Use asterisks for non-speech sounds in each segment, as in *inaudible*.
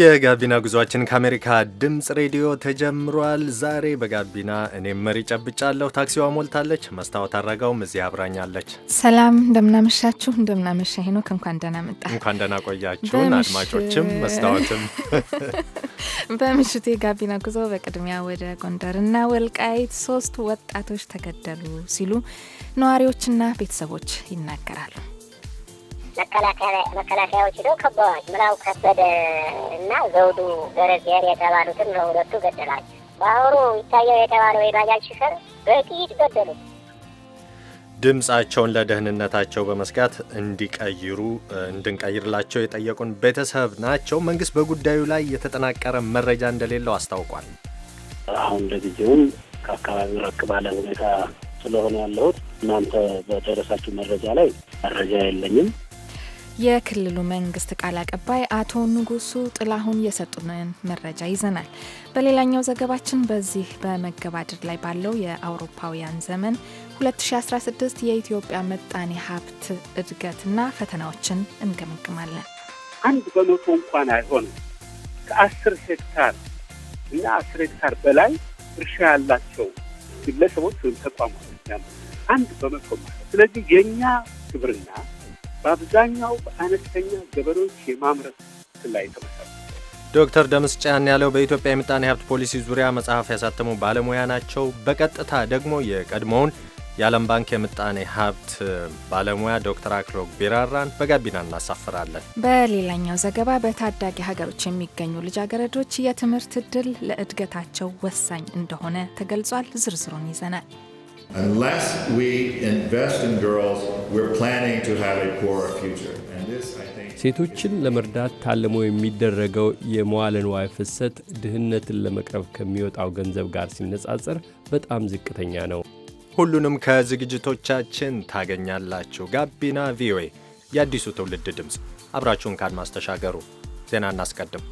የጋቢና ጉዟችን ከአሜሪካ ድምፅ ሬዲዮ ተጀምሯል። ዛሬ በጋቢና እኔም መሪ ጨብጫለሁ። ታክሲዋ ሞልታለች። መስታወት አረጋውም እዚህ አብራኛለች። ሰላም፣ እንደምናመሻችሁ። እንደምናመሻ ሄኖክ፣ እንኳን ደህና መጣ። እንኳን ደህና ቆያችሁን አድማጮችም መስታወትም። *laughs* በምሽቱ የጋቢና ጉዞ በቅድሚያ ወደ ጎንደርና ወልቃይት ሶስት ወጣቶች ተገደሉ ሲሉ ነዋሪዎችና ቤተሰቦች ይናገራሉ። መከላከያዎች ሄደው ከበዋል። ምራው ከበደ እና ዘውዱ ገረዚያር የተባሉትን ለሁለቱ ገደላቸው። በአሁኑ ይታየው የተባለው የባጃጅ ሽፈር በጥይት ገደሉት። ድምፃቸውን ለደህንነታቸው በመስጋት እንዲቀይሩ እንድንቀይርላቸው የጠየቁን ቤተሰብ ናቸው። መንግስት በጉዳዩ ላይ የተጠናቀረ መረጃ እንደሌለው አስታውቋል። አሁን ለጊዜውም ከአካባቢው ረቅ ባለ ሁኔታ ስለሆነ ያለሁት እናንተ በደረሳችሁ መረጃ ላይ መረጃ የለኝም። የክልሉ መንግስት ቃል አቀባይ አቶ ንጉሱ ጥላሁን የሰጡንን መረጃ ይዘናል። በሌላኛው ዘገባችን በዚህ በመገባደድ ላይ ባለው የአውሮፓውያን ዘመን 2016 የኢትዮጵያ ምጣኔ ሀብት እድገትና ፈተናዎችን እንገመግማለን። አንድ በመቶ እንኳን አይሆንም። ከአስር ሄክታር እና አስር ሄክታር በላይ እርሻ ያላቸው ግለሰቦች ወይም ተቋማት አንድ በመቶ ማለት ስለዚህ የእኛ ግብርና በአብዛኛው በአነስተኛ ገበሬዎች የማምረት ላይ ተመሰረ። ዶክተር ደምስ ጫን ያለው በኢትዮጵያ የምጣኔ ሀብት ፖሊሲ ዙሪያ መጽሐፍ ያሳተሙ ባለሙያ ናቸው። በቀጥታ ደግሞ የቀድሞውን የዓለም ባንክ የምጣኔ ሀብት ባለሙያ ዶክተር አክሎግ ቢራራን በጋቢና እናሳፍራለን። በሌላኛው ዘገባ በታዳጊ ሀገሮች የሚገኙ ልጃገረዶች የትምህርት እድል ለእድገታቸው ወሳኝ እንደሆነ ተገልጿል። ዝርዝሩን ይዘናል። Unless we invest in girls, we're planning to have a poorer future. ሴቶችን ለመርዳት ታልሞ የሚደረገው የመዋለ ንዋይ ፍሰት ድህነትን ለመቅረብ ከሚወጣው ገንዘብ ጋር ሲነጻጸር በጣም ዝቅተኛ ነው። ሁሉንም ከዝግጅቶቻችን ታገኛላችሁ። ጋቢና ቪኦኤ፣ የአዲሱ ትውልድ ድምፅ። አብራችሁን ካድማስ ተሻገሩ። ዜና እናስቀድም።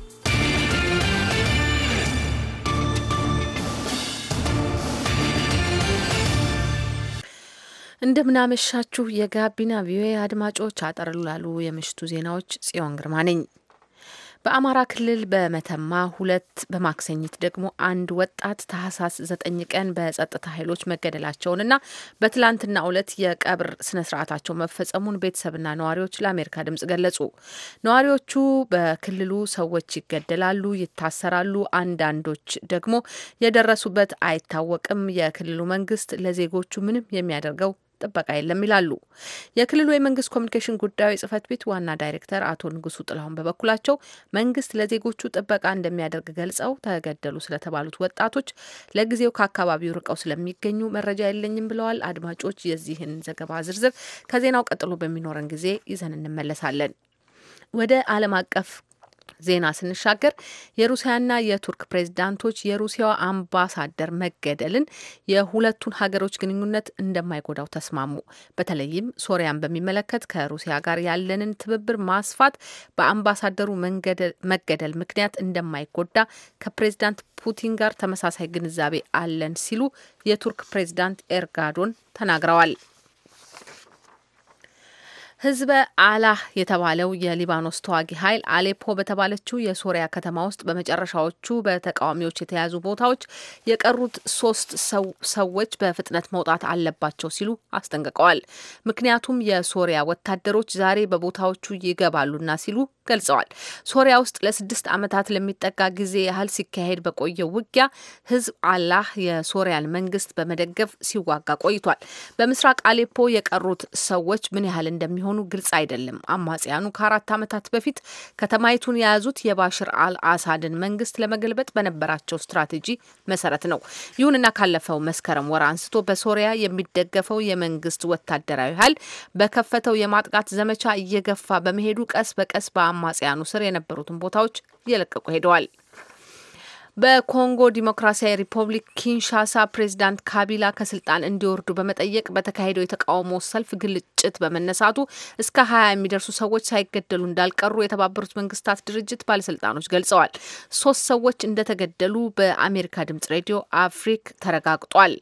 እንደምናመሻችሁ የጋቢና ቪኦኤ አድማጮች፣ አጠርላሉ ላሉ የምሽቱ ዜናዎች ጽዮን ግርማ ነኝ። በአማራ ክልል በመተማ ሁለት በማክሰኝት ደግሞ አንድ ወጣት ታህሳስ ዘጠኝ ቀን በጸጥታ ኃይሎች መገደላቸውንና በትላንትና ሁለት የቀብር ስነ ስርዓታቸው መፈጸሙን ቤተሰብና ነዋሪዎች ለአሜሪካ ድምጽ ገለጹ። ነዋሪዎቹ በክልሉ ሰዎች ይገደላሉ፣ ይታሰራሉ፣ አንዳንዶች ደግሞ የደረሱበት አይታወቅም። የክልሉ መንግስት ለዜጎቹ ምንም የሚያደርገው ጥበቃ የለም ይላሉ። የክልሉ የመንግስት ኮሚኒኬሽን ጉዳዮች ጽህፈት ቤት ዋና ዳይሬክተር አቶ ንጉሱ ጥላሁን በበኩላቸው መንግስት ለዜጎቹ ጥበቃ እንደሚያደርግ ገልጸው ተገደሉ ስለተባሉት ወጣቶች ለጊዜው ከአካባቢው ርቀው ስለሚገኙ መረጃ የለኝም ብለዋል። አድማጮች የዚህን ዘገባ ዝርዝር ከዜናው ቀጥሎ በሚኖረን ጊዜ ይዘን እንመለሳለን። ወደ ዓለም አቀፍ ዜና ስንሻገር የሩሲያና የቱርክ ፕሬዝዳንቶች የሩሲያው አምባሳደር መገደልን የሁለቱን ሀገሮች ግንኙነት እንደማይጎዳው ተስማሙ። በተለይም ሶሪያን በሚመለከት ከሩሲያ ጋር ያለንን ትብብር ማስፋት በአምባሳደሩ መገደል ምክንያት እንደማይጎዳ ከፕሬዝዳንት ፑቲን ጋር ተመሳሳይ ግንዛቤ አለን ሲሉ የቱርክ ፕሬዝዳንት ኤርጋዶን ተናግረዋል። ህዝበ አላህ የተባለው የሊባኖስ ተዋጊ ኃይል አሌፖ በተባለችው የሶሪያ ከተማ ውስጥ በመጨረሻዎቹ በተቃዋሚዎች የተያዙ ቦታዎች የቀሩት ሶስት ሰዎች በፍጥነት መውጣት አለባቸው ሲሉ አስጠንቅቀዋል። ምክንያቱም የሶሪያ ወታደሮች ዛሬ በቦታዎቹ ይገባሉና ሲሉ ገልጸዋል። ሶሪያ ውስጥ ለስድስት ዓመታት ለሚጠጋ ጊዜ ያህል ሲካሄድ በቆየው ውጊያ ህዝብ አላህ የሶሪያን መንግስት በመደገፍ ሲዋጋ ቆይቷል። በምስራቅ አሌፖ የቀሩት ሰዎች ምን ያህል እንደሚሆን መሆኑ ግልጽ አይደለም። አማጽያኑ ከአራት ዓመታት በፊት ከተማይቱን የያዙት የባሽር አል አሳድን መንግስት ለመገልበጥ በነበራቸው ስትራቴጂ መሰረት ነው። ይሁንና ካለፈው መስከረም ወር አንስቶ በሶሪያ የሚደገፈው የመንግስት ወታደራዊ ኃይል በከፈተው የማጥቃት ዘመቻ እየገፋ በመሄዱ ቀስ በቀስ በአማጽያኑ ስር የነበሩትን ቦታዎች እየለቀቁ ሄደዋል። በኮንጎ ዲሞክራሲያዊ ሪፐብሊክ ኪንሻሳ ፕሬዚዳንት ካቢላ ከስልጣን እንዲወርዱ በመጠየቅ በተካሄደው የተቃውሞ ሰልፍ ግልጭ ግጭት በመነሳቱ እስከ ሀያ የሚደርሱ ሰዎች ሳይገደሉ እንዳልቀሩ የተባበሩት መንግስታት ድርጅት ባለስልጣኖች ገልጸዋል። ሶስት ሰዎች እንደተገደሉ በአሜሪካ ድምጽ ሬዲዮ አፍሪክ ተረጋግጧል።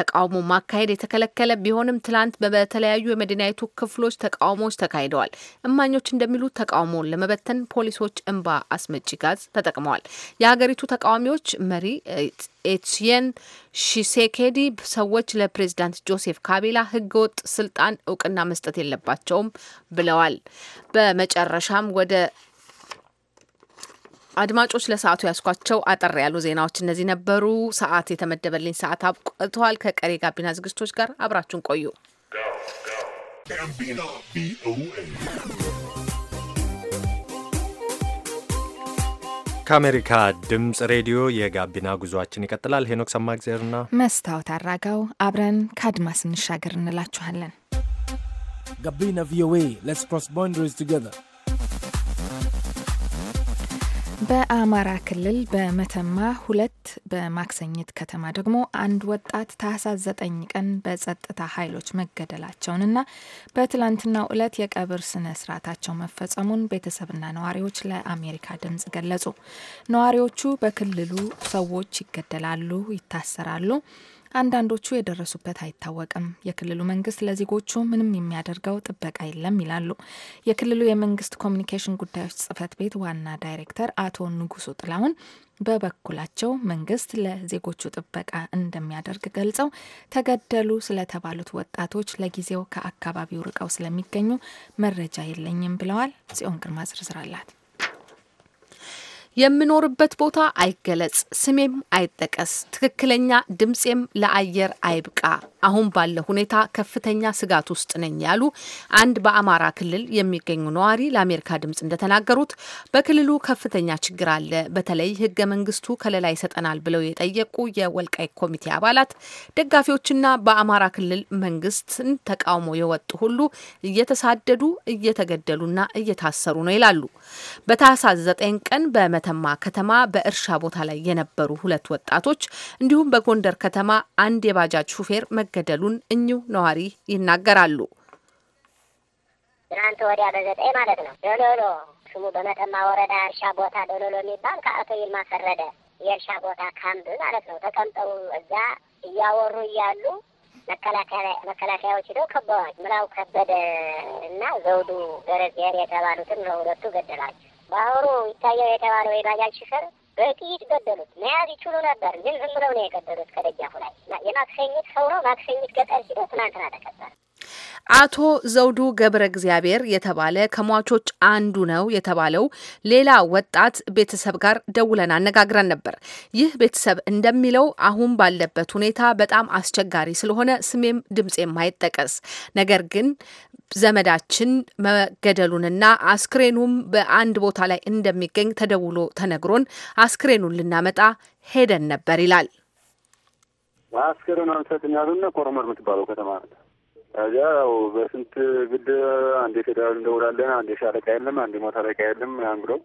ተቃውሞ ማካሄድ የተከለከለ ቢሆንም ትላንት በተለያዩ የመዲናይቱ ክፍሎች ተቃውሞዎች ተካሂደዋል። እማኞች እንደሚሉት ተቃውሞውን ለመበተን ፖሊሶች እንባ አስመጪ ጋዝ ተጠቅመዋል። የሀገሪቱ ተቃዋሚዎች መሪ ኤትስየን ሺሴኬዲ ሰዎች ለፕሬዚዳንት ጆሴፍ ካቢላ ህገወጥ ስልጣን እውቅና መስጠት የለባቸውም ብለዋል። በመጨረሻም ወደ አድማጮች ለሰዓቱ ያስኳቸው አጠር ያሉ ዜናዎች እነዚህ ነበሩ። ሰዓት የተመደበልኝ ሰዓት አብቅተዋል። ከቀሪ ጋቢና ዝግጅቶች ጋር አብራችሁን ቆዩ። ከአሜሪካ ድምፅ ሬዲዮ የጋቢና ጉዟችን ይቀጥላል። ሄኖክ ሰማእግዜርና መስታወት አራጋው አብረን ከአድማስ እንሻገር እንላችኋለን። ጋቢና ቪኦኤ ሌትስ ክሮስ ባውንደሪስ ቱጌዘር በአማራ ክልል በመተማ ሁለት በማክሰኝት ከተማ ደግሞ አንድ ወጣት ታህሳስ ዘጠኝ ቀን በጸጥታ ኃይሎች መገደላቸውንና በትላንትናው ዕለት የቀብር ስነ ስርዓታቸው መፈጸሙን ቤተሰብና ነዋሪዎች ለአሜሪካ ድምጽ ገለጹ። ነዋሪዎቹ በክልሉ ሰዎች ይገደላሉ፣ ይታሰራሉ አንዳንዶቹ የደረሱበት አይታወቅም። የክልሉ መንግስት ለዜጎቹ ምንም የሚያደርገው ጥበቃ የለም ይላሉ። የክልሉ የመንግስት ኮሚኒኬሽን ጉዳዮች ጽህፈት ቤት ዋና ዳይሬክተር አቶ ንጉሱ ጥላሁን በበኩላቸው መንግስት ለዜጎቹ ጥበቃ እንደሚያደርግ ገልጸው ተገደሉ ስለተባሉት ወጣቶች ለጊዜው ከአካባቢው ርቀው ስለሚገኙ መረጃ የለኝም ብለዋል። ጽዮን ግርማ ዝርዝር አላት። የምኖርበት ቦታ አይገለጽ፣ ስሜም አይጠቀስ፣ ትክክለኛ ድምፄም ለአየር አይብቃ አሁን ባለ ሁኔታ ከፍተኛ ስጋት ውስጥ ነኝ ያሉ አንድ በአማራ ክልል የሚገኙ ነዋሪ ለአሜሪካ ድምጽ እንደተናገሩት በክልሉ ከፍተኛ ችግር አለ። በተለይ ህገ መንግስቱ ከለላ ይሰጠናል ብለው የጠየቁ የወልቃይ ኮሚቴ አባላት ደጋፊዎችና በአማራ ክልል መንግስትን ተቃውሞ የወጡ ሁሉ እየተሳደዱ እየተገደሉና እየታሰሩ ነው ይላሉ። በታህሳስ ዘጠኝ ቀን በመተማ ከተማ በእርሻ ቦታ ላይ የነበሩ ሁለት ወጣቶች እንዲሁም በጎንደር ከተማ አንድ የባጃጅ ሹፌር መገደሉን እኚሁ ነዋሪ ይናገራሉ። ትናንት ወዲያ በዘጠኝ ማለት ነው ዶሎሎ ስሙ በመተማ ወረዳ እርሻ ቦታ ዶሎሎ የሚባል ከአቶ ይልማ ፈረደ የእርሻ ቦታ ካምብ ማለት ነው ተቀምጠው እዛ እያወሩ እያሉ መከላከያዎች ሄደው ከበዋል። ምላው ከበደ እና ዘውዱ ገረዚየር የተባሉትን ነው ሁለቱ ገደላቸው። በአሁኑ ይታየው የተባለው የባጃጅ ሹፌር በጥይት ገደሉት። መያዝ ይችሉ ነበር፣ ግን ዝም ብለው ነው የገደሉት። ከደጃፉ ላይ የማክሰኝት ሰው ነው። ማክሰኝት ገጠር ሂዶ ትናንትና ተቀበረ። አቶ ዘውዱ ገብረ እግዚአብሔር የተባለ ከሟቾች አንዱ ነው የተባለው ሌላ ወጣት ቤተሰብ ጋር ደውለን አነጋግረን ነበር። ይህ ቤተሰብ እንደሚለው አሁን ባለበት ሁኔታ በጣም አስቸጋሪ ስለሆነ ስሜም ድምፄ አይጠቀስ፣ ነገር ግን ዘመዳችን መገደሉንና አስክሬኑም በአንድ ቦታ ላይ እንደሚገኝ ተደውሎ ተነግሮን አስክሬኑን ልናመጣ ሄደን ነበር ይላል። አስክሬኑ አንሰጥን ኮረመር የምትባለው ከተማ እዚያ ያው በስንት ግድ አንዴ ፌዴራል እንደውላለን፣ አንዴ ሻለቃ የለም፣ አንዴ ሞት አለቃ የለም ምናምን ብለው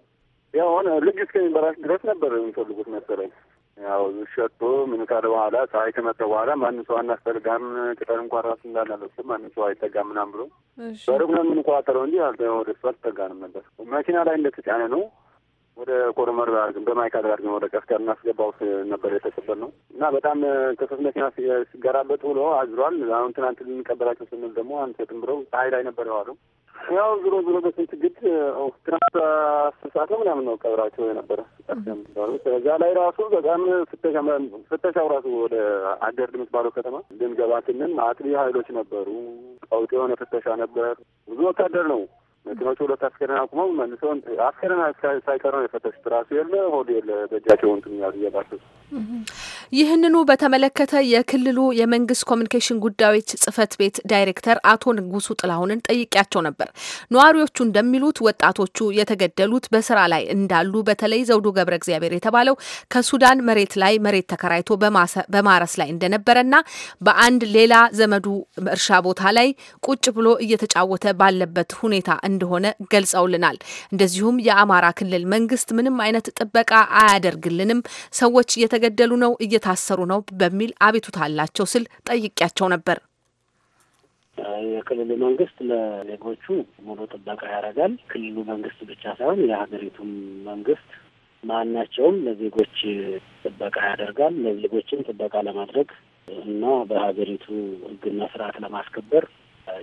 ያው ሆነ ልጅ እስከሚበራሽ ድረስ ነበር የሚፈልጉት መሰለኝ። ያው ሸጦ ምን ካለ በኋላ ፀሐይ ከመጠ በኋላ ማንም ሰው አናስፈልጋም፣ ቅጠል እንኳን ራሱ እንዳላለብስ ማንም ሰው አይጠጋም ምናምን ብሎ በሩቅ ነው የምንቆጣጠረው እንጂ ወደ እሱ አልጠጋንም ነበር። መኪና ላይ እንደተጫነ ነው ወደ ኮረመር አድርገን በማይካድራ አድርገን ወደ ቀፍቃር እናስገባው ነበር የተቀበል ነው እና በጣም ከሶስት መኪና ሲገራበት ብሎ አዝሯል። አሁን ትናንት ልንቀበላቸው ስንል ደግሞ አንሰጥም ብለው ፀሐይ ላይ ነበር የዋሉ። ያው ዞሮ ዞሮ በስንት ግድ ትናንት አስር ሰዓት ነው ምናምን ነው ቀብራቸው የነበረ በዛ ላይ ራሱ በጣም ፍተሻው ራሱ ወደ አደርድ የምትባለው ከተማ ልንገባ ስንል አጥቢ ኃይሎች ነበሩ። ቀውጤ የሆነ ፍተሻ ነበር። ብዙ ወታደር ነው ቲኖቹ ሁለት አስከሬን አቁመው መልሰውን አስከሬን ሳይቀር ነው የፈተሹት። ራሱ የለ ሆድ የለ በእጃቸው እንትን እያባቸው ይህንኑ በተመለከተ የክልሉ የመንግስት ኮሚኒኬሽን ጉዳዮች ጽህፈት ቤት ዳይሬክተር አቶ ንጉሱ ጥላሁንን ጠይቄያቸው ነበር። ነዋሪዎቹ እንደሚሉት ወጣቶቹ የተገደሉት በስራ ላይ እንዳሉ በተለይ ዘውዱ ገብረ እግዚአብሔር የተባለው ከሱዳን መሬት ላይ መሬት ተከራይቶ በማረስ ላይ እንደነበረና በአንድ ሌላ ዘመዱ እርሻ ቦታ ላይ ቁጭ ብሎ እየተጫወተ ባለበት ሁኔታ እንደሆነ ገልጸውልናል። እንደዚሁም የአማራ ክልል መንግስት ምንም አይነት ጥበቃ አያደርግልንም፣ ሰዎች እየተገደሉ ነው እየታሰሩ ነው በሚል አቤቱታ አላቸው ስል ጠይቄያቸው ነበር። የክልሉ መንግስት ለዜጎቹ ሙሉ ጥበቃ ያደርጋል። ክልሉ መንግስት ብቻ ሳይሆን የሀገሪቱም መንግስት ማናቸውም ለዜጎች ጥበቃ ያደርጋል። ለዜጎችም ጥበቃ ለማድረግ እና በሀገሪቱ ህግና ስርዓት ለማስከበር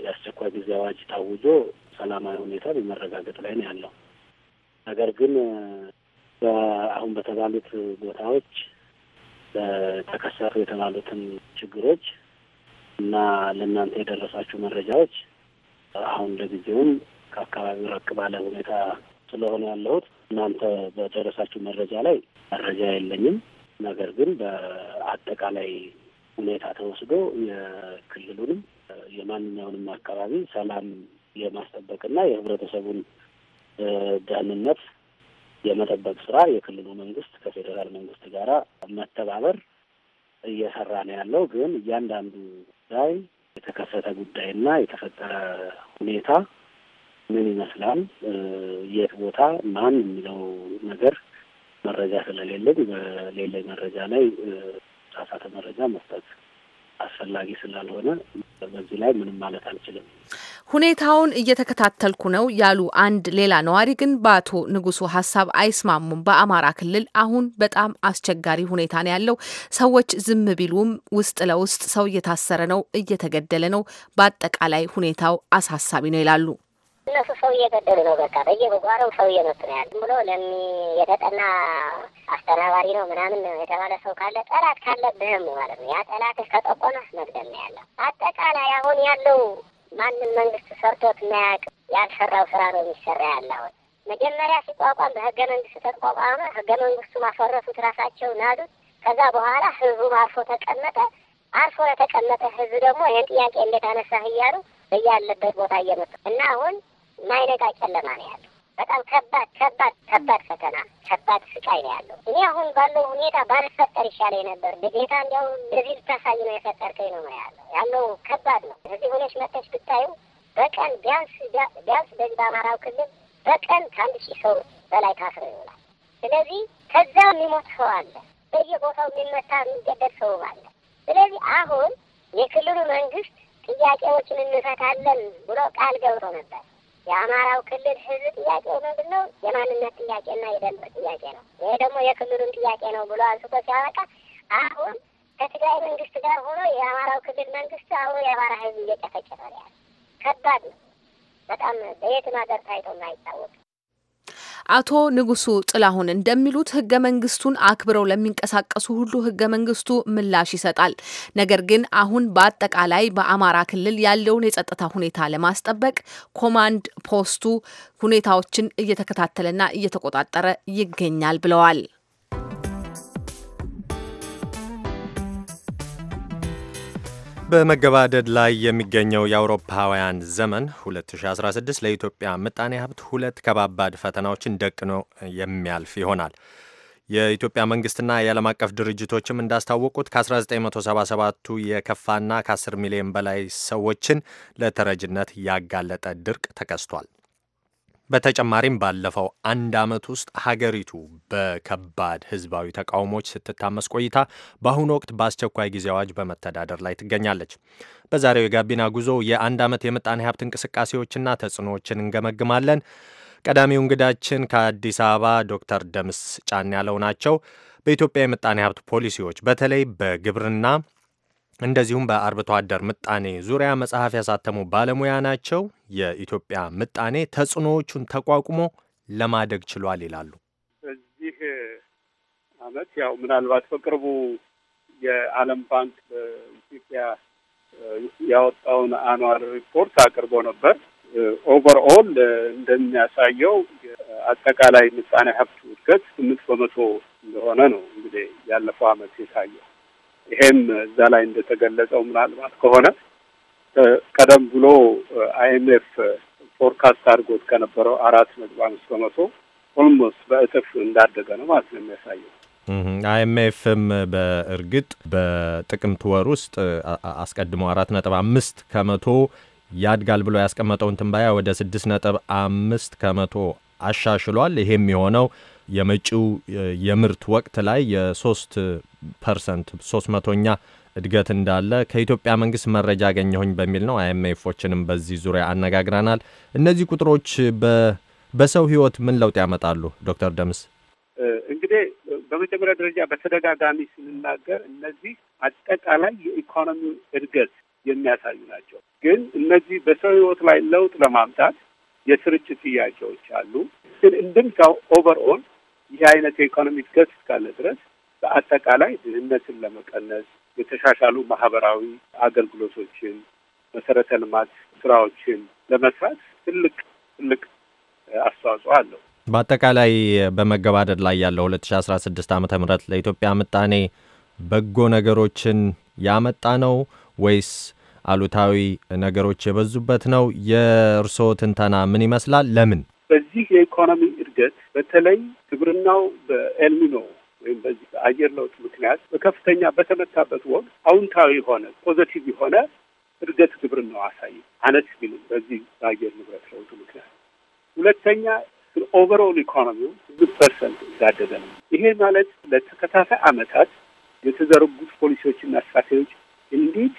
የአስቸኳይ ጊዜ አዋጅ ታውጆ ሰላማዊ ሁኔታ በመረጋገጥ ላይ ነው ያለው። ነገር ግን አሁን በተባሉት ቦታዎች ተከሰቱ የተባሉትን ችግሮች እና ለእናንተ የደረሳችሁ መረጃዎች አሁን ለጊዜውም ከአካባቢው ረቅ ባለ ሁኔታ ስለሆነ ያለሁት እናንተ በደረሳችሁ መረጃ ላይ መረጃ የለኝም። ነገር ግን በአጠቃላይ ሁኔታ ተወስዶ የክልሉንም የማንኛውንም አካባቢ ሰላም የማስጠበቅና የህብረተሰቡን ደህንነት የመጠበቅ ስራ የክልሉ መንግስት ከፌዴራል መንግስት ጋር መተባበር እየሰራ ነው ያለው። ግን እያንዳንዱ ጉዳይ የተከሰተ ጉዳይና የተፈጠረ ሁኔታ ምን ይመስላል፣ የት ቦታ ማን የሚለው ነገር መረጃ ስለሌለኝ በሌለ መረጃ ላይ ሳሳተ መረጃ መስጠት አስፈላጊ ስላልሆነ በዚህ ላይ ምንም ማለት አልችልም። ሁኔታውን እየተከታተልኩ ነው ያሉ አንድ ሌላ ነዋሪ ግን በአቶ ንጉሱ ሀሳብ አይስማሙም። በአማራ ክልል አሁን በጣም አስቸጋሪ ሁኔታ ነው ያለው። ሰዎች ዝም ቢሉም ውስጥ ለውስጥ ሰው እየታሰረ ነው፣ እየተገደለ ነው። በአጠቃላይ ሁኔታው አሳሳቢ ነው ይላሉ። እነሱ ሰው እየገደሉ ነው። በቃ በየጓሮው ሰው እየመጡ ነው ያሉ ብሎ ለሚ የተጠና አስተናባሪ ነው ምናምን የተባለ ሰው ካለ ጠላት ካለብህም ማለት ነው ያ ጠላትህ እስከጠቆመህ መግደል ነው ያለው አጠቃላይ አሁን ያለው ማንም መንግስት ሰርቶት የማያውቅ ያልሰራው ስራ ነው የሚሰራ ያለሁት። መጀመሪያ ሲቋቋም በህገ መንግስት ተቋቋመ። ህገ መንግስቱ ማፈረሱት ራሳቸው ናዱት። ከዛ በኋላ ህዝቡም አርፎ ተቀመጠ። አርፎ የተቀመጠ ህዝብ ደግሞ ይህን ጥያቄ እንዴት አነሳህ እያሉ በያለበት ቦታ እየመጡ እና አሁን ማይነጋ ጨለማ ነው ያለው። በጣም ከባድ ከባድ ከባድ ፈተና ከባድ ስቃይ ነው ያለው። እኔ አሁን ባለው ሁኔታ ባልፈጠር ይሻለኝ ነበር። ጌታ እንዲያው እንደዚህ ልታሳይ ነው የፈጠርከኝ ነው ያለው ያለው ከባድ ነው። እዚህ ሆነች መጠች ብታዩ በቀን ቢያንስ ቢያንስ በዚህ በአማራው ክልል በቀን ከአንድ ሺህ ሰው በላይ ታስሮ ይውላል። ስለዚህ ከዛ የሚሞት ሰው አለ፣ በየቦታው የሚመታ የሚገደል ሰው አለ። ስለዚህ አሁን የክልሉ መንግስት ጥያቄዎችን እንፈታለን ብሎ ቃል ገብቶ ነበር። የአማራው ክልል ህዝብ ጥያቄ ምንድን ነው? የማንነት ጥያቄና የደንብ ጥያቄ ነው። ይሄ ደግሞ የክልሉን ጥያቄ ነው ብሎ አንስቶ ሲያበቃ አሁን ከትግራይ መንግስት ጋር ሆኖ የአማራው ክልል መንግስት አሁን የአማራ ህዝብ እየጨፈጨፈ ነው ያለ። ከባድ ነው በጣም በየትም ሀገር ታይቶ አይታወቅም። አቶ ንጉሱ ጥላሁን እንደሚሉት ህገ መንግስቱን አክብረው ለሚንቀሳቀሱ ሁሉ ህገ መንግስቱ ምላሽ ይሰጣል። ነገር ግን አሁን በአጠቃላይ በአማራ ክልል ያለውን የጸጥታ ሁኔታ ለማስጠበቅ ኮማንድ ፖስቱ ሁኔታዎችን እየተከታተለና እየተቆጣጠረ ይገኛል ብለዋል። በመገባደድ ላይ የሚገኘው የአውሮፓውያን ዘመን 2016 ለኢትዮጵያ ምጣኔ ሀብት ሁለት ከባባድ ፈተናዎችን ደቅኖ የሚያልፍ ይሆናል። የኢትዮጵያ መንግስትና የዓለም አቀፍ ድርጅቶችም እንዳስታወቁት ከ1977ቱ የከፋና ከ10 ሚሊዮን በላይ ሰዎችን ለተረጅነት ያጋለጠ ድርቅ ተከስቷል። በተጨማሪም ባለፈው አንድ ዓመት ውስጥ ሀገሪቱ በከባድ ህዝባዊ ተቃውሞች ስትታመስ ቆይታ በአሁኑ ወቅት በአስቸኳይ ጊዜ አዋጅ በመተዳደር ላይ ትገኛለች። በዛሬው የጋቢና ጉዞ የአንድ ዓመት የምጣኔ ሀብት እንቅስቃሴዎችና ተጽዕኖዎችን እንገመግማለን። ቀዳሚው እንግዳችን ከአዲስ አበባ ዶክተር ደምስ ጫን ያለው ናቸው። በኢትዮጵያ የምጣኔ ሀብት ፖሊሲዎች በተለይ በግብርና እንደዚሁም በአርብቶ አደር ምጣኔ ዙሪያ መጽሐፍ ያሳተሙ ባለሙያ ናቸው። የኢትዮጵያ ምጣኔ ተጽዕኖዎቹን ተቋቁሞ ለማደግ ችሏል ይላሉ። በዚህ አመት ያው ምናልባት በቅርቡ የዓለም ባንክ በኢትዮጵያ ያወጣውን አኗል ሪፖርት አቅርቦ ነበር። ኦቨርኦል እንደሚያሳየው አጠቃላይ ምጣኔ ሀብቱ እድገት ስምንት በመቶ እንደሆነ ነው እንግዲህ ያለፈው አመት የታየው ይሄም እዛ ላይ እንደተገለጸው ምናልባት ከሆነ ቀደም ብሎ አይኤምኤፍ ፎርካስት አድርጎት ከነበረው አራት ነጥብ አምስት በመቶ ኦልሞስት በእጥፍ እንዳደገ ነው ማለት ነው የሚያሳየው። አይኤምኤፍም በእርግጥ በጥቅምት ወር ውስጥ አስቀድሞ አራት ነጥብ አምስት ከመቶ ያድጋል ብሎ ያስቀመጠውን ትንባያ ወደ ስድስት ነጥብ አምስት ከመቶ አሻሽሏል። ይሄም የሆነው የመጪው የምርት ወቅት ላይ የሶስት ፐርሰንት ሶስት መቶኛ እድገት እንዳለ ከኢትዮጵያ መንግስት መረጃ አገኘሁኝ በሚል ነው። አይኤምኤፎችንም በዚህ ዙሪያ አነጋግረናል። እነዚህ ቁጥሮች በሰው ህይወት ምን ለውጥ ያመጣሉ? ዶክተር ደምስ እንግዲህ በመጀመሪያ ደረጃ በተደጋጋሚ ስንናገር እነዚህ አጠቃላይ የኢኮኖሚ እድገት የሚያሳዩ ናቸው። ግን እነዚህ በሰው ህይወት ላይ ለውጥ ለማምጣት የስርጭት ጥያቄዎች አሉ። ግን እንድምታው ኦቨርኦል ይህ አይነት የኢኮኖሚ እድገት እስካለ ድረስ በአጠቃላይ ድህነትን ለመቀነስ የተሻሻሉ ማህበራዊ አገልግሎቶችን፣ መሰረተ ልማት ስራዎችን ለመስራት ትልቅ ትልቅ አስተዋጽኦ አለው። በአጠቃላይ በመገባደድ ላይ ያለው 2016 ዓ ም ለኢትዮጵያ ምጣኔ በጎ ነገሮችን ያመጣ ነው ወይስ አሉታዊ ነገሮች የበዙበት ነው? የእርስዎ ትንተና ምን ይመስላል? ለምን በዚህ የኢኮኖሚ እድገት በተለይ ግብርናው በኤልሚኖ ወይም በዚህ በአየር ለውጥ ምክንያት በከፍተኛ በተመታበት ወቅት አውንታዊ የሆነ ፖዘቲቭ የሆነ እድገት ግብርናው አሳይ አነት ቢሉ በዚህ በአየር ንብረት ለውጡ ምክንያት ሁለተኛ ኦቨርኦል ኢኮኖሚው ስድስት ፐርሰንት እንዳደገ ነው። ይሄ ማለት ለተከታታይ አመታት የተዘረጉት ፖሊሲዎችና ስትራቴጂዎች እንዴት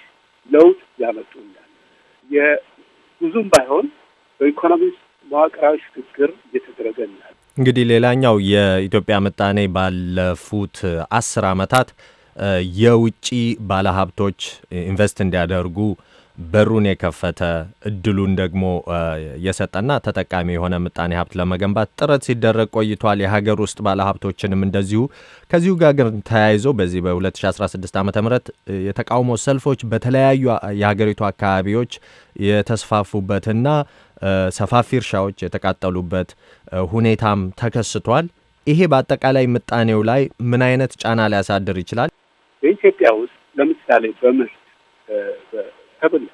ለውጥ ያመጡ እንዳለ የብዙም ባይሆን በኢኮኖሚ ውስጥ መዋቅራዊ ሽግግር እየተደረገ እንግዲህ ሌላኛው የኢትዮጵያ ምጣኔ ባለፉት አስር ዓመታት የውጭ ባለሀብቶች ኢንቨስት እንዲያደርጉ በሩን የከፈተ እድሉን ደግሞ የሰጠና ተጠቃሚ የሆነ ምጣኔ ሀብት ለመገንባት ጥረት ሲደረግ ቆይቷል። የሀገር ውስጥ ባለሀብቶችንም እንደዚሁ። ከዚሁ ጋር ግን ተያይዞ በዚህ በ2016 ዓ ም የተቃውሞ ሰልፎች በተለያዩ የሀገሪቱ አካባቢዎች የተስፋፉበትና ሰፋፊ እርሻዎች የተቃጠሉበት ሁኔታም ተከስቷል። ይሄ በአጠቃላይ ምጣኔው ላይ ምን አይነት ጫና ሊያሳድር ይችላል? በኢትዮጵያ ውስጥ ለምሳሌ በምርት ሰብል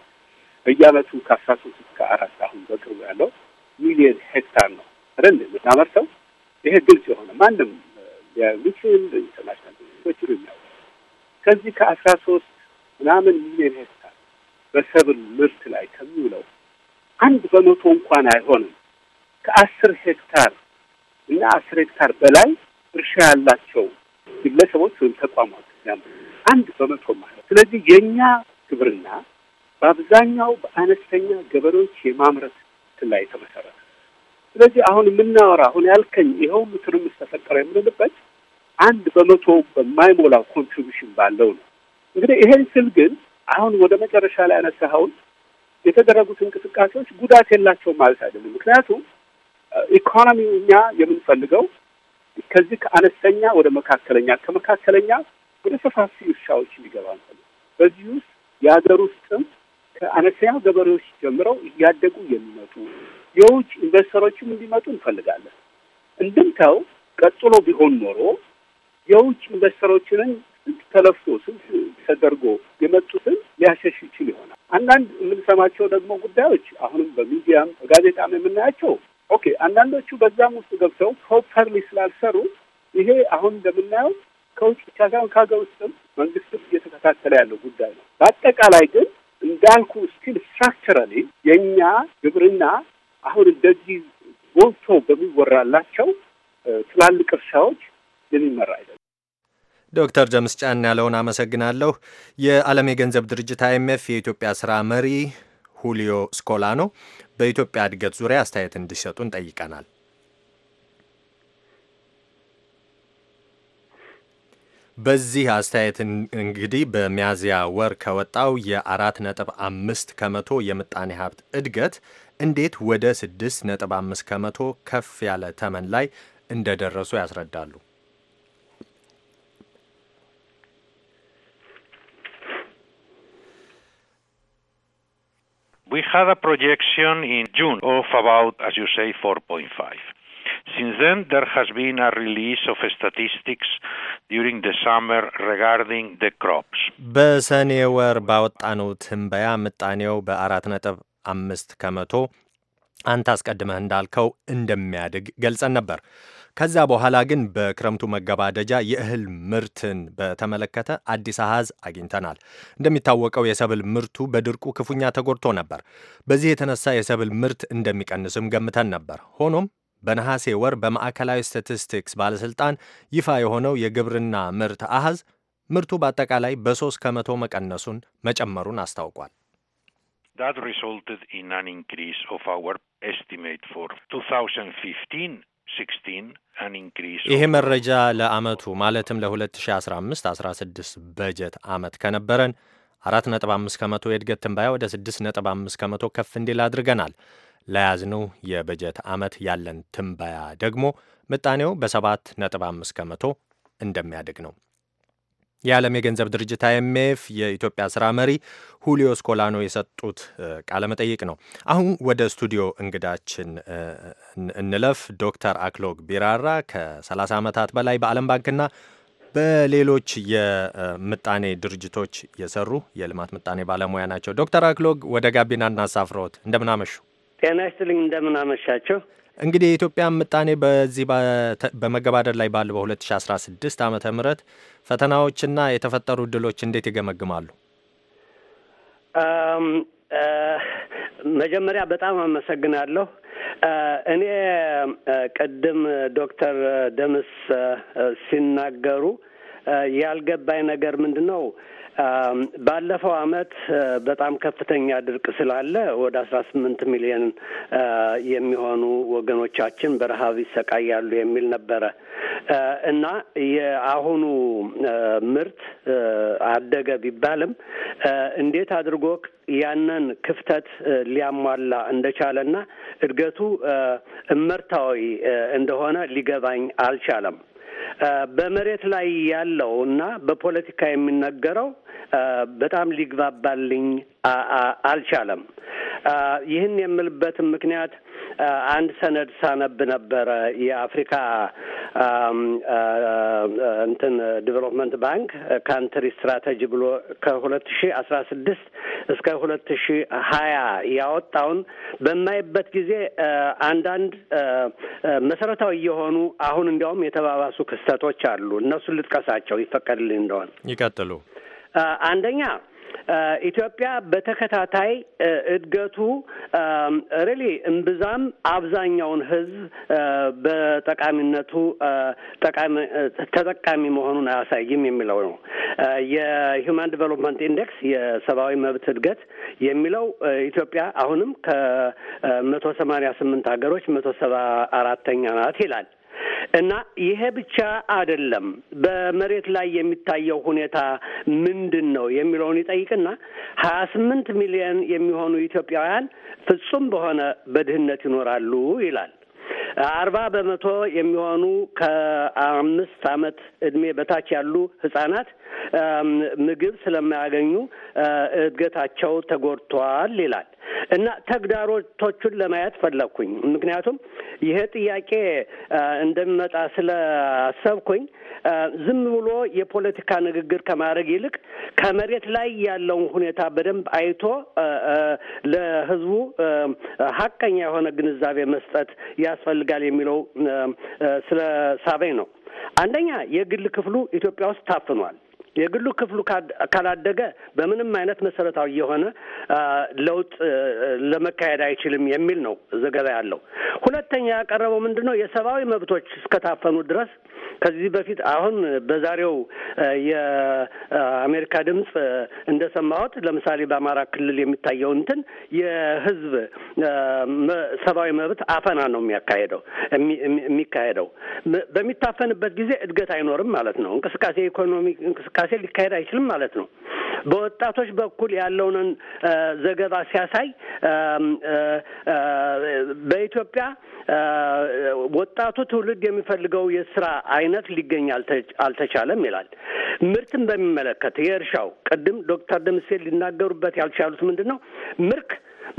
በየአመቱ ከአስራ ሶስት እስከ አራት አሁን በቅርቡ ያለው ሚሊየን ሄክታር ነው ረንድ የምናመርተው። ይሄ ግልጽ የሆነ ማንም ሊያሚችል ኢንተርናሽናል ድርጅቶች ከዚህ ከአስራ ሶስት ምናምን ሚሊየን ሄክታር በሰብል ምርት ላይ ከሚውለው አንድ በመቶ እንኳን አይሆንም። ከአስር ሄክታር እና አስር ሄክታር በላይ እርሻ ያላቸው ግለሰቦች ወይም ተቋማት አንድ በመቶ ማለት። ስለዚህ የእኛ ግብርና በአብዛኛው በአነስተኛ ገበሬዎች የማምረት ላይ የተመሰረተ ስለዚህ አሁን የምናወራ አሁን ያልከኝ ይኸው ትርምስ ተፈጠረ የምንልበት አንድ በመቶ በማይሞላው ኮንትሪቢሽን ባለው ነው። እንግዲህ ይሄን ስል ግን አሁን ወደ መጨረሻ ላይ ያነሳኸውን የተደረጉት እንቅስቃሴዎች ጉዳት የላቸውም ማለት አይደለም። ምክንያቱም ኢኮኖሚው እኛ የምንፈልገው ከዚህ ከአነስተኛ ወደ መካከለኛ ከመካከለኛ ወደ ሰፋፊ እርሻዎች እንዲገባ ነው። በዚህ ውስጥ የሀገር ውስጥም ከአነስተኛ ገበሬዎች ጀምረው እያደጉ የሚመጡ የውጭ ኢንቨስተሮችም እንዲመጡ እንፈልጋለን። እንድምታው ቀጥሎ ቢሆን ኖሮ የውጭ ኢንቨስተሮችንን ስንት ተለፍቶ ስንት ተደርጎ የመጡትን ሊያሸሽ ይችል ይሆናል። አንዳንድ የምንሰማቸው ደግሞ ጉዳዮች አሁንም በሚዲያም በጋዜጣም የምናያቸው ኦኬ፣ አንዳንዶቹ በዛም ውስጥ ገብተው ፕሮፐርሊ ስላልሰሩ ይሄ አሁን እንደምናየው ከውጭ ብቻ ሳይሆን ከሀገር ውስጥም መንግስትም እየተከታተለ ያለው ጉዳይ ነው። በአጠቃላይ ግን እንዳልኩ ስቲል ስትራክቸራሊ የእኛ ግብርና አሁን እንደዚህ ጎልቶ በሚወራላቸው ትላልቅ እርሻዎች የሚመራ አይደለም። ዶክተር ጀምስ ጫን ያለውን አመሰግናለሁ። የዓለም የገንዘብ ድርጅት አይኤምኤፍ የኢትዮጵያ ስራ መሪ ሁሊዮ ስኮላኖ በኢትዮጵያ እድገት ዙሪያ አስተያየት እንዲሰጡን ጠይቀናል። በዚህ አስተያየት እንግዲህ በሚያዝያ ወር ከወጣው የአራት ነጥብ አምስት ከመቶ የምጣኔ ሀብት እድገት እንዴት ወደ ስድስት ነጥብ አምስት ከመቶ ከፍ ያለ ተመን ላይ እንደደረሱ ያስረዳሉ። We had a projection in June of about, as you say, 4.5. Since then, there has been a release of statistics during the summer regarding the crops. በሰኔ ወር ባወጣነው ትንበያ ምጣኔው በአራት ነጥብ አምስት ከመቶ አንተ አስቀድመህ እንዳልከው እንደሚያድግ ገልጸን ነበር። ከዛ በኋላ ግን በክረምቱ መገባደጃ የእህል ምርትን በተመለከተ አዲስ አሃዝ አግኝተናል። እንደሚታወቀው የሰብል ምርቱ በድርቁ ክፉኛ ተጎድቶ ነበር። በዚህ የተነሳ የሰብል ምርት እንደሚቀንስም ገምተን ነበር። ሆኖም በነሐሴ ወር በማዕከላዊ ስታቲስቲክስ ባለሥልጣን ይፋ የሆነው የግብርና ምርት አሃዝ ምርቱ በአጠቃላይ በሶስት ከመቶ መቀነሱን መጨመሩን አስታውቋል። That resulted in an increase of our estimate for 2015 ይሄ መረጃ ለአመቱ ማለትም ለ2015 16 በጀት አመት ከነበረን 4.5 ከመቶ የእድገት ትንባያ ወደ 6.5 ከመቶ ከፍ እንዲል አድርገናል። ለያዝነው የበጀት አመት ያለን ትንባያ ደግሞ ምጣኔው በ7.5 ከመቶ እንደሚያድግ ነው። የዓለም የገንዘብ ድርጅት አይኤምኤፍ የኢትዮጵያ ስራ መሪ ሁሊዮ ስኮላኖ የሰጡት ቃለ መጠይቅ ነው። አሁን ወደ ስቱዲዮ እንግዳችን እንለፍ። ዶክተር አክሎግ ቢራራ ከ30 ዓመታት በላይ በዓለም ባንክና በሌሎች የምጣኔ ድርጅቶች የሰሩ የልማት ምጣኔ ባለሙያ ናቸው። ዶክተር አክሎግ ወደ ጋቢና እናሳፍረዎት። እንደምናመሹ ጤና ይስጥልኝ። እንደምናመሻቸው እንግዲህ የኢትዮጵያ ምጣኔ በዚህ በመገባደድ ላይ ባለው በ2016 ዓመተ ምህረት ፈተናዎችና የተፈጠሩ እድሎች እንዴት ይገመግማሉ? መጀመሪያ በጣም አመሰግናለሁ። እኔ ቅድም ዶክተር ደምስ ሲናገሩ ያልገባኝ ነገር ምንድን ነው ባለፈው አመት በጣም ከፍተኛ ድርቅ ስላለ ወደ አስራ ስምንት ሚሊዮን የሚሆኑ ወገኖቻችን በረሀብ ይሰቃያሉ የሚል ነበረ እና የአሁኑ ምርት አደገ ቢባልም እንዴት አድርጎ ያንን ክፍተት ሊያሟላ እንደቻለና እድገቱ እመርታዊ እንደሆነ ሊገባኝ አልቻለም። በመሬት ላይ ያለው እና በፖለቲካ የሚነገረው በጣም ሊግባባልኝ አልቻለም። ይህን የምልበትም ምክንያት አንድ ሰነድ ሳነብ ነበረ። የአፍሪካ እንትን ዲቨሎፕመንት ባንክ ካንትሪ ስትራቴጂ ብሎ ከሁለት ሺ አስራ ስድስት እስከ ሁለት ሺ ሀያ ያወጣውን በማይበት ጊዜ አንዳንድ መሰረታዊ የሆኑ አሁን እንዲያውም የተባባሱ ክስተቶች አሉ። እነሱን ልጥቀሳቸው ይፈቀድልኝ እንደሆን ይቀጥሉ። አንደኛ Uh, ኢትዮጵያ በተከታታይ uh, እድገቱ ሪሊ um, እምብዛም አብዛኛውን ህዝብ uh, በጠቃሚነቱ ተጠቃሚ መሆኑን አያሳይም የሚለው ነው። የሂውማን ዲቨሎፕመንት ኢንዴክስ የሰብአዊ መብት እድገት የሚለው ኢትዮጵያ አሁንም ከመቶ ሰማኒያ ስምንት ሀገሮች መቶ ሰባ አራተኛ ናት ይላል። እና ይሄ ብቻ አይደለም። በመሬት ላይ የሚታየው ሁኔታ ምንድን ነው የሚለውን ይጠይቅና ሀያ ስምንት ሚሊዮን የሚሆኑ ኢትዮጵያውያን ፍጹም በሆነ በድህነት ይኖራሉ ይላል። አርባ በመቶ የሚሆኑ ከአምስት አመት እድሜ በታች ያሉ ህጻናት ምግብ ስለማያገኙ እድገታቸው ተጎድቷል ይላል እና ተግዳሮቶቹን ለማየት ፈለግኩኝ። ምክንያቱም ይሄ ጥያቄ እንደሚመጣ ስለአሰብኩኝ ዝም ብሎ የፖለቲካ ንግግር ከማድረግ ይልቅ ከመሬት ላይ ያለውን ሁኔታ በደንብ አይቶ ለህዝቡ ሀቀኛ የሆነ ግንዛቤ መስጠት ያስፈልግ ያስፈልጋል የሚለው ስለ ሳበኝ ነው። አንደኛ የግል ክፍሉ ኢትዮጵያ ውስጥ ታፍኗል። የግሉ ክፍሉ ካላደገ በምንም አይነት መሰረታዊ የሆነ ለውጥ ለመካሄድ አይችልም የሚል ነው ዘገባ ያለው። ሁለተኛ ያቀረበው ምንድን ነው? የሰብአዊ መብቶች እስከታፈኑ ድረስ ከዚህ በፊት አሁን በዛሬው የአሜሪካ ድምፅ እንደሰማሁት ለምሳሌ በአማራ ክልል የሚታየው እንትን የህዝብ ሰብአዊ መብት አፈና ነው የሚያካሄደው የሚካሄደው በሚታፈንበት ጊዜ እድገት አይኖርም ማለት ነው። እንቅስቃሴ ኢኮኖሚ እንቅስቃሴ እንቅስቃሴ ሊካሄድ አይችልም ማለት ነው። በወጣቶች በኩል ያለውን ዘገባ ሲያሳይ በኢትዮጵያ ወጣቱ ትውልድ የሚፈልገው የስራ አይነት ሊገኝ አልተቻለም ይላል። ምርትን በሚመለከት የእርሻው ቅድም ዶክተር ደምሴ ሊናገሩበት ያልቻሉት ምንድን ነው? ምርክ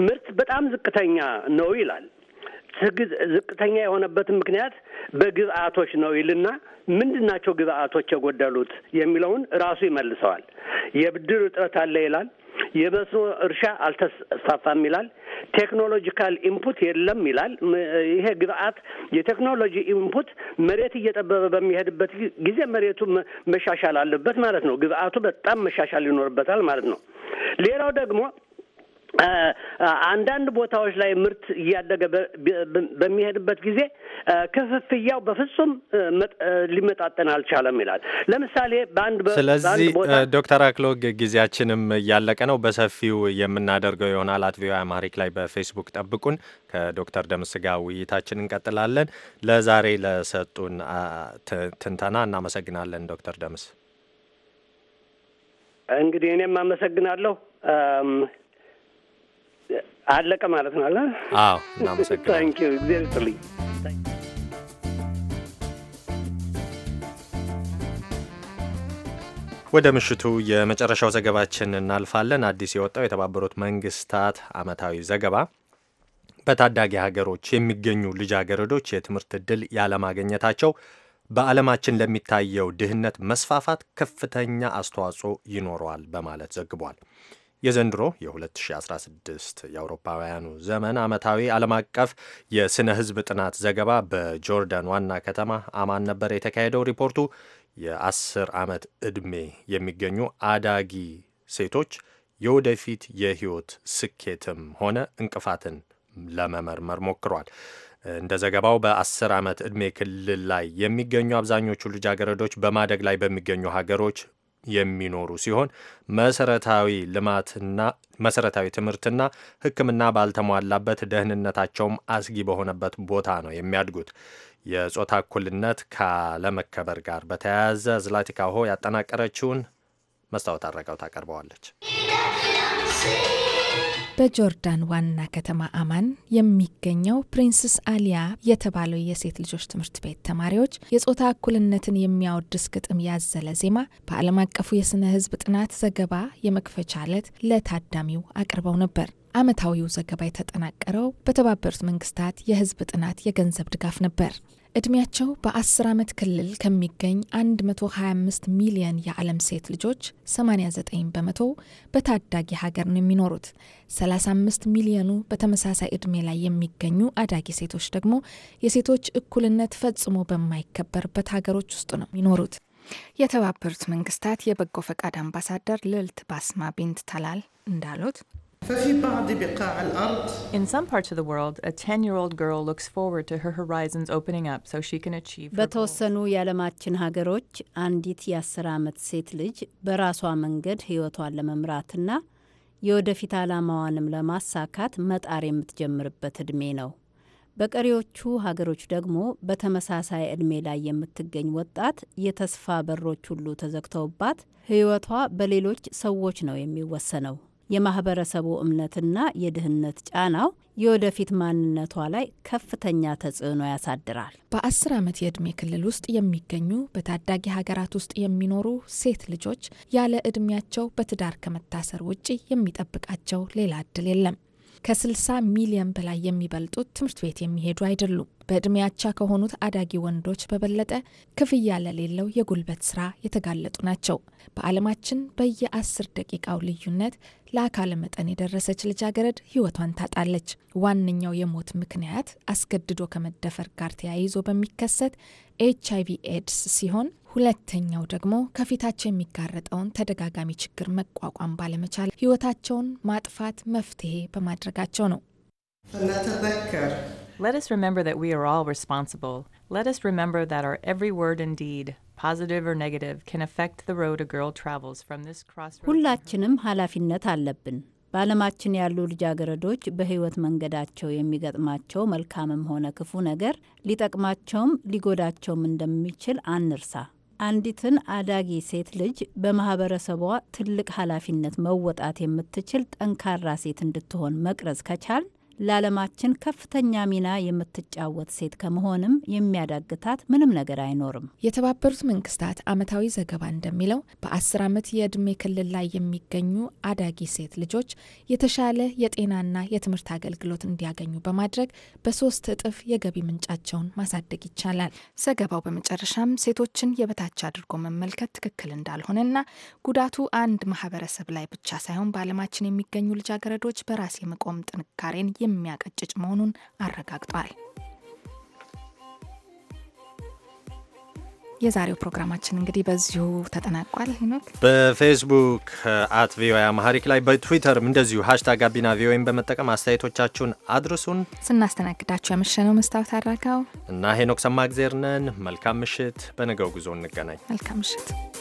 ምርት በጣም ዝቅተኛ ነው ይላል። ዝቅተኛ የሆነበትን ምክንያት በግብአቶች ነው ይልና ምንድን ናቸው ግብአቶች የጎደሉት የሚለውን ራሱ ይመልሰዋል። የብድር እጥረት አለ ይላል። የመስኖ እርሻ አልተስፋፋም ይላል። ቴክኖሎጂካል ኢንፑት የለም ይላል። ይሄ ግብአት የቴክኖሎጂ ኢንፑት መሬት እየጠበበ በሚሄድበት ጊዜ መሬቱ መሻሻል አለበት ማለት ነው። ግብአቱ በጣም መሻሻል ይኖርበታል ማለት ነው። ሌላው ደግሞ አንዳንድ ቦታዎች ላይ ምርት እያደገ በሚሄድበት ጊዜ ክፍፍያው በፍጹም ሊመጣጠን አልቻለም ይላል። ለምሳሌ በአንድ ስለዚህ ዶክተር አክሎግ ጊዜያችንም እያለቀ ነው። በሰፊው የምናደርገው ይሆናል። አት አማሪክ ላይ በፌስቡክ ጠብቁን። ከዶክተር ደምስ ጋር ውይይታችን እንቀጥላለን። ለዛሬ ለሰጡን ትንተና እናመሰግናለን ዶክተር ደምስ። እንግዲህ እኔም አመሰግናለሁ። አለቀ ማለት ነው አለ። አዎ፣ እናመሰግናለን። እግዚአብሔር ይስጥልኝ። ወደ ምሽቱ የመጨረሻው ዘገባችን እናልፋለን። አዲስ የወጣው የተባበሩት መንግስታት ዓመታዊ ዘገባ በታዳጊ ሀገሮች የሚገኙ ልጃገረዶች የትምህርት ዕድል ያለማግኘታቸው በዓለማችን ለሚታየው ድህነት መስፋፋት ከፍተኛ አስተዋጽኦ ይኖረዋል በማለት ዘግቧል። የዘንድሮ የ2016 የአውሮፓውያኑ ዘመን ዓመታዊ ዓለም አቀፍ የሥነ ሕዝብ ጥናት ዘገባ በጆርዳን ዋና ከተማ አማን ነበር የተካሄደው። ሪፖርቱ የአስር ዓመት ዕድሜ የሚገኙ አዳጊ ሴቶች የወደፊት የሕይወት ስኬትም ሆነ እንቅፋትን ለመመርመር ሞክሯል። እንደ ዘገባው በአስር ዓመት ዕድሜ ክልል ላይ የሚገኙ አብዛኞቹ ልጃገረዶች በማደግ ላይ በሚገኙ ሀገሮች የሚኖሩ ሲሆን መሰረታዊ ልማትና መሰረታዊ ትምህርትና ሕክምና ባልተሟላበት ደህንነታቸውም አስጊ በሆነበት ቦታ ነው የሚያድጉት። የጾታ እኩልነት ካለመከበር ጋር በተያያዘ ዝላቲካሆ ያጠናቀረችውን መስታወት አረጋው ታቀርበዋለች። በጆርዳን ዋና ከተማ አማን የሚገኘው ፕሪንስስ አሊያ የተባለው የሴት ልጆች ትምህርት ቤት ተማሪዎች የጾታ እኩልነትን የሚያወድስ ግጥም ያዘለ ዜማ በዓለም አቀፉ የስነ ሕዝብ ጥናት ዘገባ የመክፈቻ ዕለት ለታዳሚው አቅርበው ነበር። ዓመታዊው ዘገባ የተጠናቀረው በተባበሩት መንግስታት የህዝብ ጥናት የገንዘብ ድጋፍ ነበር። እድሜያቸው በ10 ዓመት ክልል ከሚገኝ 125 ሚሊዮን የዓለም ሴት ልጆች 89 በመቶ በታዳጊ ሀገር ነው የሚኖሩት። 35 ሚሊዮኑ በተመሳሳይ እድሜ ላይ የሚገኙ አዳጊ ሴቶች ደግሞ የሴቶች እኩልነት ፈጽሞ በማይከበርበት ሀገሮች ውስጥ ነው የሚኖሩት። የተባበሩት መንግስታት የበጎ ፈቃድ አምባሳደር ልዕልት ባስማ ቢንት ተላል እንዳሉት In some parts of the world, a 10-year-old girl looks forward to her horizons opening up so she can achieve በተወሰኑ የዓለማችን ሀገሮች አንዲት የ10 ዓመት ሴት ልጅ በራሷ መንገድ ህይወቷን ለመምራትና የወደፊት ዓላማዋንም ለማሳካት መጣር የምትጀምርበት ዕድሜ ነው። በቀሪዎቹ ሀገሮች ደግሞ በተመሳሳይ ዕድሜ ላይ የምትገኝ ወጣት የተስፋ በሮች ሁሉ ተዘግተውባት ህይወቷ በሌሎች ሰዎች ነው የሚወሰነው። የማህበረሰቡ እምነትና የድህነት ጫናው የወደፊት ማንነቷ ላይ ከፍተኛ ተጽዕኖ ያሳድራል። በአስር ዓመት የዕድሜ ክልል ውስጥ የሚገኙ በታዳጊ ሀገራት ውስጥ የሚኖሩ ሴት ልጆች ያለ ዕድሜያቸው በትዳር ከመታሰር ውጪ የሚጠብቃቸው ሌላ እድል የለም። ከ60 ሚሊዮን በላይ የሚበልጡት ትምህርት ቤት የሚሄዱ አይደሉም። በዕድሜ ከሆኑት አዳጊ ወንዶች በበለጠ ክፍያ ለሌለው የጉልበት ስራ የተጋለጡ ናቸው። በዓለማችን በየአስር ደቂቃው ልዩነት ለአካለ መጠን የደረሰች ልጃገረድ ሕይወቷን ታጣለች። ዋነኛው የሞት ምክንያት አስገድዶ ከመደፈር ጋር ተያይዞ በሚከሰት ኤች አይቪ ኤድስ ሲሆን ሁለተኛው ደግሞ ከፊታቸው የሚጋረጠውን ተደጋጋሚ ችግር መቋቋም ባለመቻል ሕይወታቸውን ማጥፋት መፍትሄ በማድረጋቸው ነው። Let us remember that we are all responsible. Let us remember that our every word and deed, positive or negative, can affect the road a girl travels from this crossroad. ሁላችንም ኃላፊነት አለብን። በዓለማችን ያሉ ልጃገረዶች በሕይወት መንገዳቸው የሚገጥማቸው መልካምም ሆነ ክፉ ነገር ሊጠቅማቸውም ሊጎዳቸውም እንደሚችል አንርሳ። አንዲትን አዳጊ ሴት ልጅ በማህበረሰቧ ትልቅ ኃላፊነት መወጣት የምትችል ጠንካራ ሴት እንድትሆን መቅረጽ ከቻል ለዓለማችን ከፍተኛ ሚና የምትጫወት ሴት ከመሆንም የሚያዳግታት ምንም ነገር አይኖርም። የተባበሩት መንግስታት ዓመታዊ ዘገባ እንደሚለው በአስር ዓመት የዕድሜ ክልል ላይ የሚገኙ አዳጊ ሴት ልጆች የተሻለ የጤናና የትምህርት አገልግሎት እንዲያገኙ በማድረግ በሶስት እጥፍ የገቢ ምንጫቸውን ማሳደግ ይቻላል። ዘገባው በመጨረሻም ሴቶችን የበታች አድርጎ መመልከት ትክክል እንዳልሆነና ጉዳቱ አንድ ማህበረሰብ ላይ ብቻ ሳይሆን በዓለማችን የሚገኙ ልጃገረዶች በራስ የመቆም ጥንካሬን የሚያቀጭጭ መሆኑን አረጋግጧል። የዛሬው ፕሮግራማችን እንግዲህ በዚሁ ተጠናቋል። ሄኖክ በፌስቡክ አት ቪኦኤ አማሪክ ላይ በትዊተርም እንደዚሁ ሀሽታግ ጋቢና ቪኦኤን በመጠቀም አስተያየቶቻችሁን አድርሱን። ስናስተናግዳችሁ ያመሸነው መስታወት አድረገው እና ሄኖክ ሰማግዜርነን መልካም ምሽት። በነገው ጉዞ እንገናኝ። መልካም ምሽት።